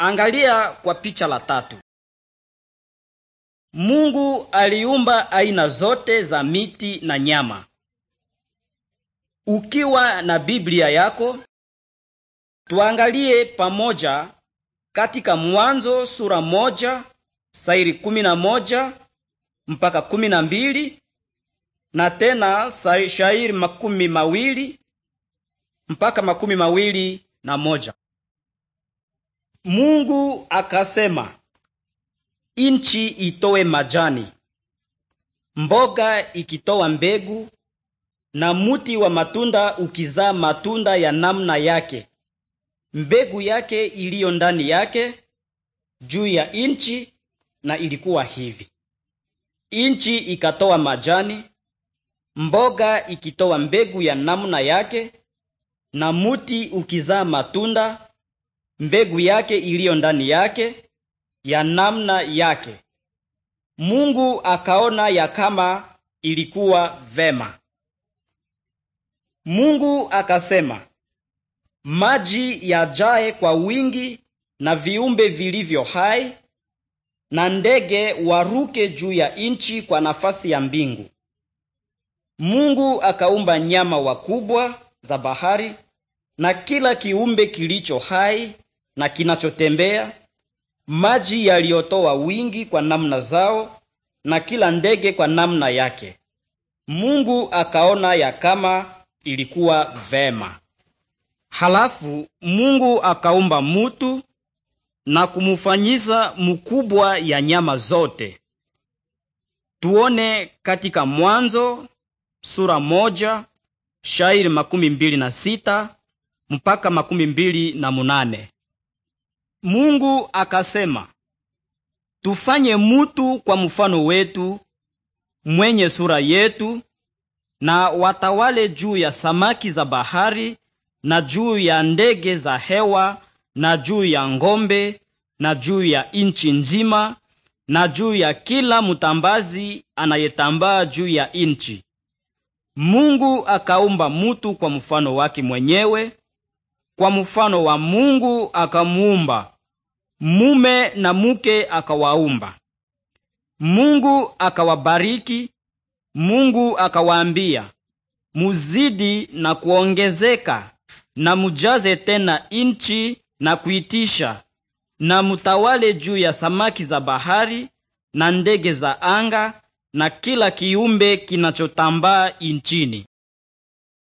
Angalia kwa picha la tatu. Mungu aliumba aina zote za miti na nyama. Ukiwa na Biblia yako, tuangalie pamoja katika Mwanzo sura moja sairi kumi na moja mpaka kumi na mbili na tena shairi makumi mawili mpaka makumi mawili na moja. Mungu akasema, inchi itoe majani, mboga ikitoa mbegu, na muti wa matunda ukizaa matunda ya namna yake, mbegu yake iliyo ndani yake juu ya inchi. Na ilikuwa hivi: inchi ikatoa majani, mboga ikitoa mbegu ya namna yake, na muti ukizaa matunda mbegu yake iliyo ndani yake ya namna yake. Mungu akaona ya kama ilikuwa vema. Mungu akasema, maji yajae kwa wingi na viumbe vilivyo hai na ndege waruke juu ya nchi kwa nafasi ya mbingu. Mungu akaumba nyama wakubwa za bahari na kila kiumbe kilicho hai na kinachotembea, maji yaliyotoa wingi kwa namna zao, na kila ndege kwa namna yake. Mungu akaona ya kama ilikuwa vema. Halafu Mungu akaumba mutu na kumufanyisa mkubwa ya nyama zote. Tuone katika Mwanzo sura moja shairi makumi mbili na sita mpaka makumi mbili na munane. Mungu akasema, tufanye mutu kwa mfano wetu, mwenye sura yetu, na watawale juu ya samaki za bahari na juu ya ndege za hewa na juu ya ngombe na juu ya inchi nzima na juu ya kila mutambazi anayetambaa juu ya inchi. Mungu akaumba mutu kwa mfano wake mwenyewe, kwa mfano wa Mungu akamuumba, mume na mke akawaumba. Mungu akawabariki, Mungu akawaambia, muzidi na kuongezeka na mujaze tena inchi na kuitisha na mutawale juu ya samaki za bahari na ndege za anga na kila kiumbe kinachotambaa inchini.